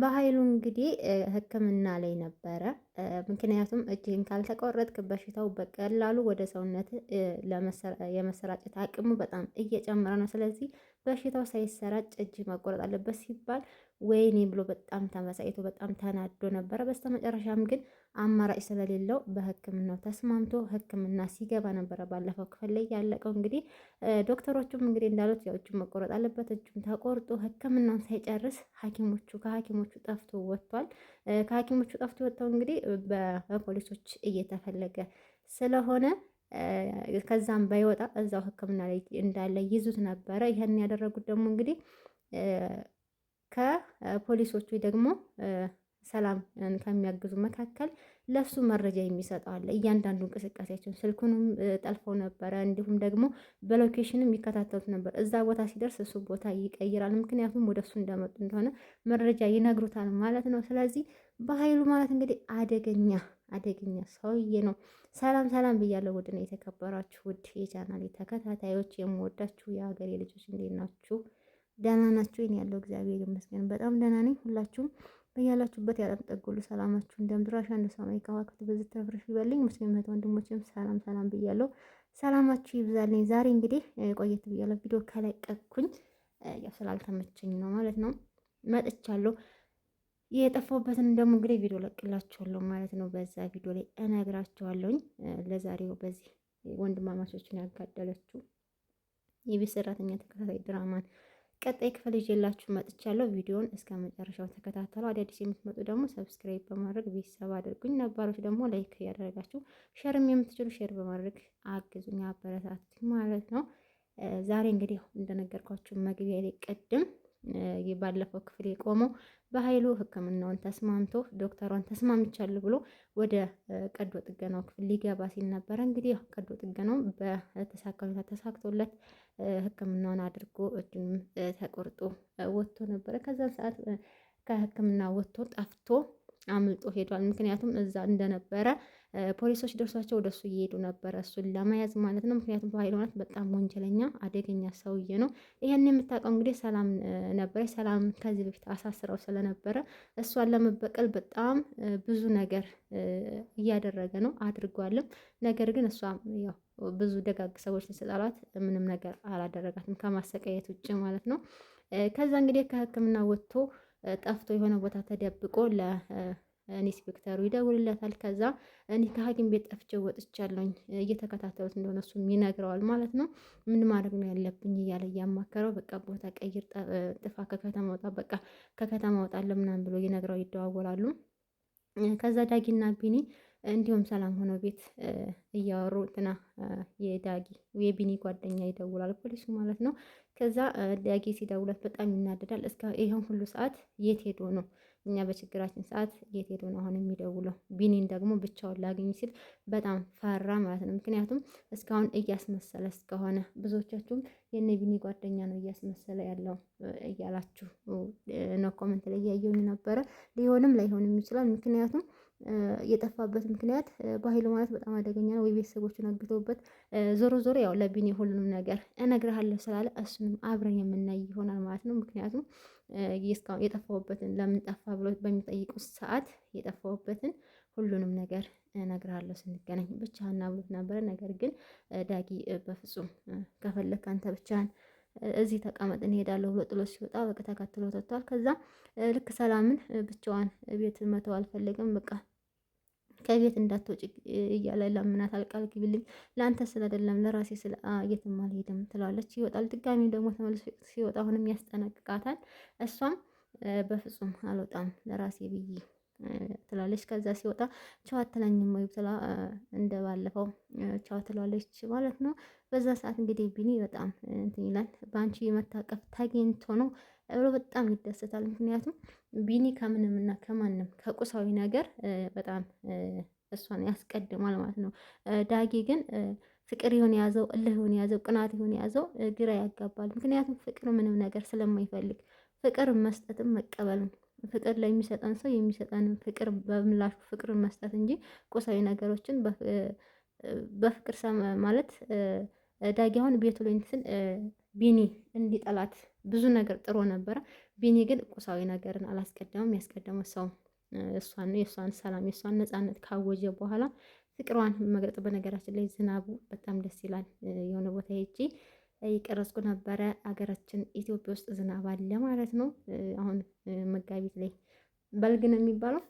በሀይሉ እንግዲህ ሕክምና ላይ ነበረ። ምክንያቱም እጅህን ካልተቆረጥክ በሽታው በቀላሉ ወደ ሰውነት የመሰራጨት አቅሙ በጣም እየጨመረ ነው። ስለዚህ በሽታው ሳይሰራጭ እጅ መቆረጥ አለበት ሲባል ወይኔ ብሎ በጣም ተመሳይቶ በጣም ተናዶ ነበረ። በስተመጨረሻም ግን አማራጭ ስለሌለው በሕክምናው ተስማምቶ ሕክምና ሲገባ ነበረ ባለፈው ክፍል ላይ ያለቀው። እንግዲህ ዶክተሮቹም እንግዲህ እንዳሉት ያው እጁ መቆረጥ አለበት። እጁም ተቆርጦ ሕክምናውን ሳይጨርስ ሐኪሞቹ ከሐኪሞቹ ጠፍቶ ወጥቷል። ከሐኪሞቹ ጠፍቶ የወጣው እንግዲህ በፖሊሶች እየተፈለገ ስለሆነ ከዛም ባይወጣ እዛው ሕክምና ላይ እንዳለ ይዙት ነበረ። ይህን ያደረጉት ደግሞ እንግዲህ ከፖሊሶቹ ደግሞ ሰላም ከሚያግዙ መካከል ለሱ መረጃ የሚሰጥ አለ። እያንዳንዱ እንቅስቃሴያቸውን ስልኩንም ጠልፈው ነበረ። እንዲሁም ደግሞ በሎኬሽንም ይከታተሉት ነበር። እዛ ቦታ ሲደርስ እሱ ቦታ ይቀይራል። ምክንያቱም ወደ እሱ እንደመጡ እንደሆነ መረጃ ይነግሩታል ማለት ነው። ስለዚህ በሀይሉ ማለት እንግዲህ አደገኛ አደገኛ ሰውዬ ነው። ሰላም ሰላም ብያለሁ። ውድ ነው የተከበራችሁ ውድ የቻናል ተከታታዮች የምወዳችሁ የሀገሬ ልጆች እንዴት ናችሁ? ደህና ናችሁ? ይህን ያለው እግዚአብሔር ይመስገን በጣም ደህና ነኝ። ሁላችሁም በያላችሁበት የዓለም ጥግ ሁሉ ሰላማችሁ እንደ ምድር አሸዋ እንደ ሰማይ ከዋክብት በዚህ ተፍረሽ ይበልኝ። ሙስሊም እህት ወንድሞችም ሰላም ሰላም ብያለሁ፣ ሰላማችሁ ይብዛልኝ። ዛሬ እንግዲህ ቆየት ብያለሁ፣ ቪዲዮ ከለቀኩኝ ያው ስላልተመቸኝ ነው ማለት ነው። መጥቻለሁ። የጠፋሁበትን ደግሞ እንግዲህ ቪዲዮ ለቅላችኋለሁ ማለት ነው። በዛ ቪዲዮ ላይ እነግራችኋለሁኝ። ለዛሬው በዚህ ወንድማማቾችን ያጋደለችው የቤት ሰራተኛ ተከታታይ ድራማን ቀጣይ ክፍል ይዤላችሁ መጥቻለሁ። ቪዲዮውን እስከ መጨረሻው ተከታተሉ። አዳዲስ የምትመጡ ደግሞ ሰብስክራይብ በማድረግ ቤተሰብ አድርጉኝ። ነባሮች ደግሞ ላይክ ያደረጋችሁ ሸርም የምትችሉ ሼር በማድረግ አግዙኝ፣ አበረታቱኝ ማለት ነው። ዛሬ እንግዲህ እንደነገርኳችሁ መግቢያ ላይ ቅድም ባለፈው ክፍል የቆመው በሀይሉ ሕክምናውን ተስማምቶ ዶክተሯን ተስማምቻለሁ ብሎ ወደ ቀዶ ጥገናው ክፍል ሊገባ ሲል ነበረ። እንግዲህ ቀዶ ጥገናው በተሳካ ሁኔታ ተሳክቶለት ሕክምናውን አድርጎ እጁንም ተቆርጦ ወጥቶ ነበረ። ከዛን ሰዓት ከሕክምና ወጥቶ ጠፍቶ አምልጦ ሄዷል። ምክንያቱም እዛ እንደነበረ ፖሊሶች ደርሷቸው ወደ እሱ እየሄዱ ነበረ እሱን ለመያዝ ማለት ነው። ምክንያቱም በኃይል እውነት በጣም ወንጀለኛ አደገኛ ሰውዬ ነው። ይህን የምታውቀው እንግዲህ ሰላም ነበረች። ሰላም ከዚህ በፊት አሳስረው ስለነበረ እሷን ለመበቀል በጣም ብዙ ነገር እያደረገ ነው አድርጓልም። ነገር ግን እሷ ያው ብዙ ደጋግ ሰዎች ስጣሏት ምንም ነገር አላደረጋትም ከማሰቃየት ውጭ ማለት ነው። ከዛ እንግዲህ ከህክምና ወጥቶ ጠፍቶ የሆነ ቦታ ተደብቆ ኢንስፔክተሩ ይደውልለታል። ከዛ እኔ ከሐኪም ቤት ጠፍቼ ወጥቻለሁኝ እየተከታተሉት እንደሆነ እሱም ይነግረዋል ማለት ነው። ምን ማድረግ ነው ያለብኝ እያለ እያማከረው፣ በቃ ቦታ ቀይር፣ ጥፋ፣ ከከተማ ወጣ፣ በቃ ከከተማ ወጣለሁ ምናምን ብሎ ይነግረው፣ ይደዋወላሉ። ከዛ ዳጊና ቢኒ እንዲሁም ሰላም ሆኖ ቤት እያወሩ እንትና የዳጊ የቢኒ ጓደኛ ይደውላል፣ ፖሊሱ ማለት ነው። ከዛ ዳጊ ሲደውለት በጣም ይናደዳል። እስከ ይህን ሁሉ ሰዓት የት ሄዶ ነው? እኛ በችግራችን ሰዓት የት ሄዶ ነው አሁን የሚደውለው? ቢኒን ደግሞ ብቻውን ላገኝ ሲል በጣም ፈራ ማለት ነው። ምክንያቱም እስካሁን እያስመሰለ እስከሆነ ብዙዎቻችሁም የነ ቢኒ ጓደኛ ነው እያስመሰለ ያለው እያላችሁ ነው ኮመንት ላይ እያየሁኝ ነበረ። ሊሆንም ላይሆንም ይችላል ምክንያቱም የጠፋበት ምክንያት በኃይሉ ማለት በጣም አደገኛ ነው ወይ ቤተሰቦቹን አግተውበት፣ ዞሮ ዞሮ ያው ለቢኒ ሁሉንም ነገር እነግርሃለሁ ስላለ እሱንም አብረን የምናይ ይሆናል ማለት ነው። ምክንያቱም እስካሁን የጠፋሁበትን ለምን ጠፋ ብሎ በሚጠይቁት ሰዓት የጠፋውበትን ሁሉንም ነገር እነግርሃለሁ ስንገናኝ ብቻህን ብሎት ነበረ። ነገር ግን ዳጊ በፍጹም ከፈለግ አንተ ብቻህን እዚህ ተቀመጥ እንሄዳለሁ ብሎ ጥሎ ሲወጣ በቃ ተከትሎ ተቷል። ከዛ ልክ ሰላምን ብቻዋን ቤት መተው አልፈለገም በቃ ከቤት እንዳትወጭ እያለ ለምናት ቃል ግቢልኝ ለአንተ ስለ አይደለም ለራሴ ስለ የትም አልሄድም ትለዋለች። ይወጣል። ድጋሚ ደግሞ ተመልሶ ሲወጣ አሁንም ያስጠነቅቃታል። እሷም በፍጹም አልወጣም ለራሴ ብዬ ትላለች። ከዛ ሲወጣ ቻው አትለኝም ወይ ትላ እንደ ባለፈው ቻው ትለዋለች ማለት ነው። በዛ ሰዓት እንግዲህ ቢኒ በጣም እንትን ይላል። በአንቺ መታቀፍ ታግኝቶ ነው ብሎ በጣም ይደሰታል። ምክንያቱም ቢኒ ከምንም እና ከማንም ከቁሳዊ ነገር በጣም እሷን ያስቀድማል ማለት ነው። ዳጊ ግን ፍቅር ይሁን የያዘው እልህ ይሁን የያዘው ቅናት ይሁን የያዘው ግራ ያጋባል። ምክንያቱም ፍቅር ምንም ነገር ስለማይፈልግ ፍቅር መስጠትም መቀበልም ፍቅር ለሚሰጠን ሰው የሚሰጠን ፍቅር በምላሹ ፍቅር መስጠት እንጂ ቁሳዊ ነገሮችን በፍቅር ማለት ዳጊ አሁን ቤቱ ቢኒ እንዲጠላት ብዙ ነገር ጥሩ ነበረ። ቢኒ ግን ቁሳዊ ነገርን አላስቀደመም። ያስቀደመው ሰው እሷን ነው። የእሷን ሰላም የእሷን ነፃነት ካወጀ በኋላ ፍቅሯን መግለጥ። በነገራችን ላይ ዝናቡ በጣም ደስ ይላል። የሆነ ቦታ ሄጄ ይቀረጽኩ ነበረ። አገራችን ኢትዮጵያ ውስጥ ዝናብ አለ ማለት ነው። አሁን መጋቢት ላይ በልግ ነው የሚባለው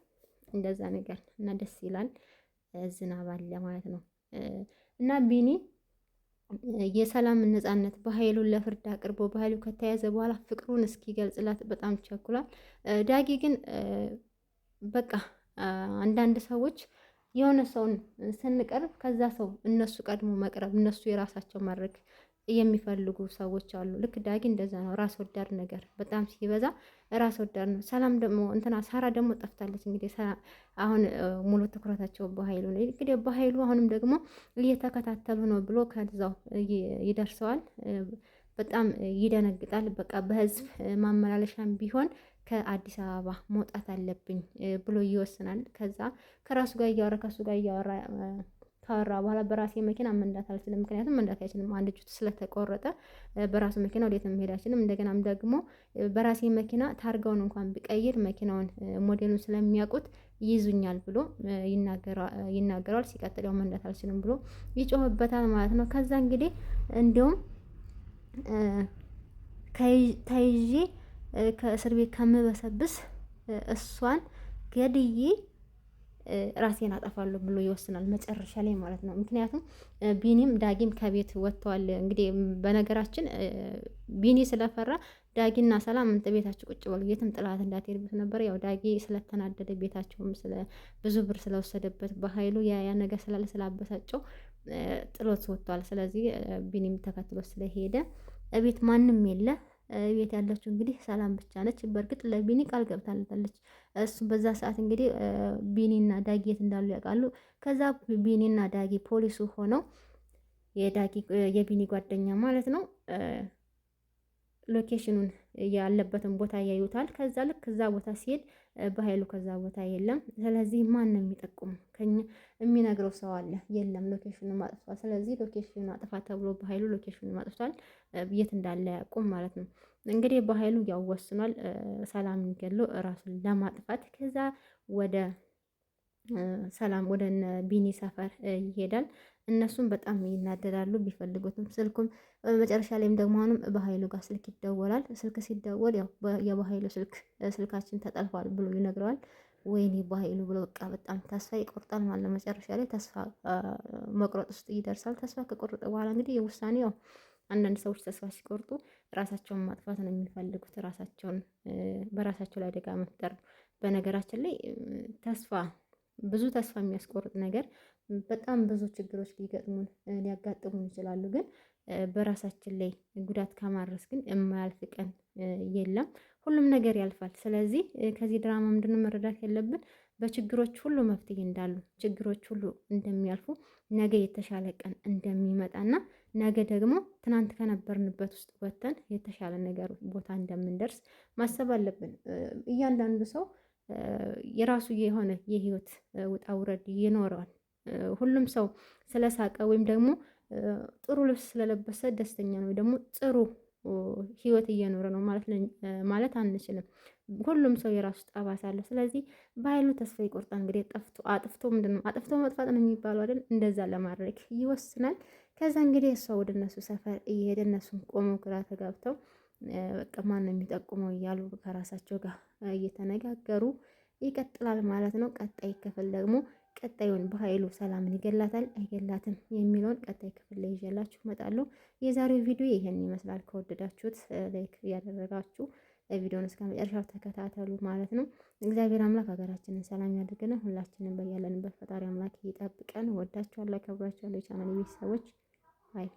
እንደዛ ነገር እና ደስ ይላል። ዝናብ አለ ማለት ነው እና ቢኒ የሰላምን ነጻነት በኃይሉ ለፍርድ አቅርቦ በኃይሉ ከተያዘ በኋላ ፍቅሩን እስኪገልጽላት በጣም ቸኩሏል። ዳጊ ግን በቃ አንዳንድ ሰዎች የሆነ ሰውን ስንቀርብ ከዛ ሰው እነሱ ቀድሞ መቅረብ እነሱ የራሳቸው ማድረግ የሚፈልጉ ሰዎች አሉ። ልክ ዳጊ እንደዛ ነው። ራስ ወዳድ ነገር በጣም ሲበዛ ራስ ወዳድ ነው። ሰላም ደግሞ እንትና ሳራ ደግሞ ጠፍታለች። እንግዲህ አሁን ሙሉ ትኩረታቸው በሀይሉ ነው። እንግዲህ በሀይሉ አሁንም ደግሞ እየተከታተሉ ነው ብሎ ከዛው ይደርሰዋል። በጣም ይደነግጣል። በቃ በህዝብ ማመላለሻም ቢሆን ከአዲስ አበባ መውጣት አለብኝ ብሎ ይወስናል። ከዛ ከራሱ ጋር እያወራ ከሱ ጋር እያወራ ካወራ በኋላ በራሴ መኪና መንዳት አልችልም። ምክንያቱም መንዳት አይችልም፣ አንድ እጁ ስለተቆረጠ በራሱ መኪና ወዴት መሄድ አይችልም። እንደገናም ደግሞ በራሴ መኪና ታርጋውን እንኳን ቢቀይር መኪናውን ሞዴሉን ስለሚያውቁት ይይዙኛል ብሎ ይናገረዋል። ሲቀጥል ያው መንዳት አልችልም ብሎ ይጮህበታል ማለት ነው። ከዛ እንግዲህ እንዲሁም ተይዤ ከእስር ቤት ከምበሰብስ እሷን ገድዬ ራሴን አጠፋለሁ ብሎ ይወስናል መጨረሻ ላይ ማለት ነው። ምክንያቱም ቢኒም ዳጊም ከቤት ወጥተዋል። እንግዲህ በነገራችን ቢኒ ስለፈራ ዳጊና ሰላም እንትን ቤታቸው ቁጭ በሉ የትም ጥላት እንዳትሄድበት ነበር። ያው ዳጊ ስለተናደደ ቤታቸውም ስለ ብዙ ብር ስለወሰደበት በኃይሉ ያ ነገር ስላለ ስላበሳጨው ጥሎት ወጥተዋል። ስለዚህ ቢኒም ተከትሎ ስለሄደ እቤት ማንም የለ ቤት ያለችው እንግዲህ ሰላም ብቻ ነች። በእርግጥ ለቢኒ ቃል ገብታለታለች። እሱ በዛ ሰዓት እንግዲህ ቢኒና ዳጊ የት እንዳሉ ያውቃሉ። ከዛ ቢኒና ዳጊ ፖሊሱ ሆነው የዳጊ የቢኒ ጓደኛ ማለት ነው ሎኬሽኑን ያለበትን ቦታ ያዩታል። ከዛ ልክ እዛ ቦታ ሲሄድ በኃይሉ ከዛ ቦታ የለም። ስለዚህ ማን ነው የሚጠቁም? ከኛ የሚነግረው ሰው አለ? የለም። ሎኬሽኑን ማጥፍቷል። ስለዚህ ሎኬሽኑን አጥፋ ተብሎ በኃይሉ ሎኬሽኑን ማጥፍቷል። የት እንዳለ ያቁም ማለት ነው። እንግዲህ በኃይሉ ያው ወስኗል፣ ሰላም ገሎ ራሱን ለማጥፋት ከዛ ወደ ሰላም ወደ ቢኒ ሰፈር ይሄዳል። እነሱም በጣም ይናደዳሉ። ቢፈልጉትም ስልኩም መጨረሻ ላይም ደግሞ አሁንም በሀይሉ ጋር ስልክ ይደወላል። ስልክ ሲደወል ያው የበሀይሉ ስልክ ስልካችን ተጠልፏል ብሎ ይነግረዋል። ወይኔ በሀይሉ ብሎ በቃ በጣም ተስፋ ይቆርጣል ማለት ነው። መጨረሻ ላይ ተስፋ መቁረጥ ውስጥ ይደርሳል። ተስፋ ከቆረጠ በኋላ እንግዲህ የውሳኔ ያው አንዳንድ ሰዎች ተስፋ ሲቆርጡ ራሳቸውን ማጥፋት ነው የሚፈልጉት። ራሳቸውን በራሳቸው ላይ አደጋ መፍጠር። በነገራችን ላይ ተስፋ ብዙ ተስፋ የሚያስቆርጥ ነገር በጣም ብዙ ችግሮች ሊገጥሙን ሊያጋጥሙን ይችላሉ። ግን በራሳችን ላይ ጉዳት ከማድረስ ግን የማያልፍ ቀን የለም። ሁሉም ነገር ያልፋል። ስለዚህ ከዚህ ድራማ ምንድነው መረዳት ያለብን? በችግሮች ሁሉ መፍትሄ እንዳሉ፣ ችግሮች ሁሉ እንደሚያልፉ፣ ነገ የተሻለ ቀን እንደሚመጣና ነገ ደግሞ ትናንት ከነበርንበት ውስጥ ወጥተን የተሻለ ነገር ቦታ እንደምንደርስ ማሰብ አለብን። እያንዳንዱ ሰው የራሱ የሆነ የህይወት ውጣ ውረድ ይኖረዋል። ሁሉም ሰው ስለሳቀ ወይም ደግሞ ጥሩ ልብስ ስለለበሰ ደስተኛ ነው ደግሞ ጥሩ ህይወት እየኖረ ነው ማለት አንችልም። ሁሉም ሰው የራሱ ጠባሳ አለ ስለዚህ በኃይሉ ተስፋ ይቆርጣ እንግዲህ ጠፍቶ አጥፍቶ ምንድን ነው አጥፍቶ መጥፋት ነው የሚባለው አይደል? እንደዛ ለማድረግ ይወስናል። ከዛ እንግዲህ እሷ ወደ እነሱ ሰፈር እየሄደ እነሱን ቆመው ግራ ተጋብተው በቃ ማን ነው የሚጠቁመው እያሉ ከራሳቸው ጋር እየተነጋገሩ ይቀጥላል ማለት ነው። ቀጣይ ክፍል ደግሞ ቀጣዩን በኃይሉ ሰላምን ይገላታል አይገላትም የሚለውን ቀጣይ ክፍል ላይ ይዤላችሁ እመጣለሁ። የዛሬው ቪዲዮ ይህን ይመስላል። ከወደዳችሁት ላይክ እያደረጋችሁ ቪዲዮን እስከ መጨረሻው ተከታተሉ ማለት ነው። እግዚአብሔር አምላክ ሀገራችንን ሰላም ያድርግልን። ሁላችንም በያለንበት ፈጣሪ አምላክ ይጠብቀን። ወዳችኋለሁ፣ አከብራችኋለሁ የቻናል ቤተሰቦች። ባይ